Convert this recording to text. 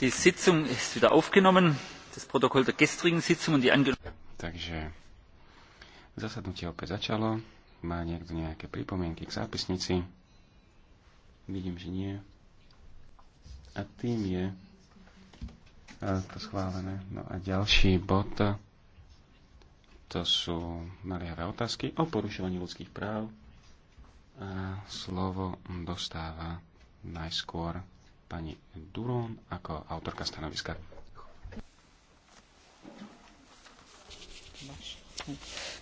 Die Sitzung ist wieder aufgenommen. Das Protokoll der gestrigen Sitzung und die Takže zasadnutie opäť začalo. Má niekto nejaké pripomienky k zápisnici? Vidím, že nie. A tým je to schválené. No a ďalší bod to sú naliehavé otázky o porušovaní ľudských práv. A slovo dostáva najskôr pani Durón ako autorka stanoviska. Máš.